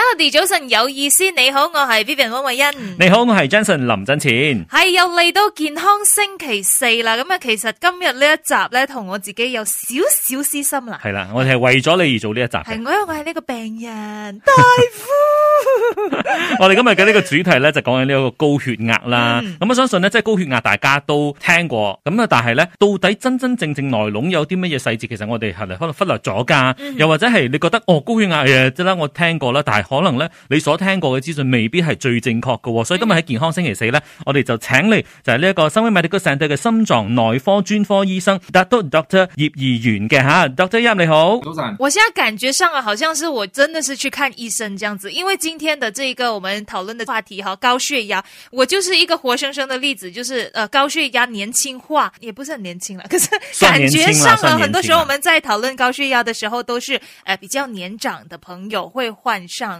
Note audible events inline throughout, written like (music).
大家好，早晨，有意思，你好，我係 Vivian 汪偉欣，你好，我係 Jason 林振前，係又嚟到健康星期四啦。咁啊，其實今日呢一集咧，同我自己有少少私心啦。係啦，我哋係為咗你而做呢一集。係，因為我係呢個病人大夫。我哋今日嘅呢個主題咧，就講緊呢個高血壓啦。咁、嗯、我相信呢，即係高血壓大家都聽過。咁啊，但係咧，到底真真正正內籠有啲乜嘢細節，其實我哋係咪可能忽略咗噶。又、嗯、或者係你覺得哦，高血壓即係啦，我聽過啦，但係。可能呢你所聽過嘅資訊未必係最正確嘅、哦，所以今日喺健康星期四呢、嗯、我哋就請你就係呢一個 Sunway Medical Centre 嘅心臟內科專科醫生 Doctor Doctor 葉義源嘅吓 Doctor 你好。早晨我現在感覺上啊，好像是我真的是去看醫生這樣子，因為今天的這一個我們討論的話題哈，高血壓，我就是一個活生生的例子，就是呃高血壓年輕化，也不是很年輕啦，可是感覺上了，很多時候我們在討論高血壓的時候，都是呃比較年長的朋友會患上。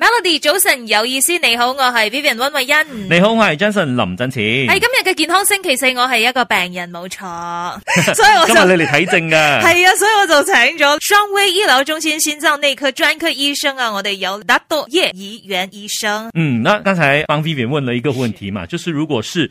Melody，早晨有意思，你好，我係 Vivian 温慧欣。你好，我係 Johnson 林振慈。喺今日嘅健康星期四，我係一個病人，冇錯， (laughs) 所以我就 (laughs) 今日你嚟睇症噶。係 (laughs) 啊，所以我就請咗雙威醫療中心心臟內科專科醫生啊，我哋有 Doctor 葉以元醫生。嗯，那剛才幫 Vivian 問了一個問題嘛，是就是如果是。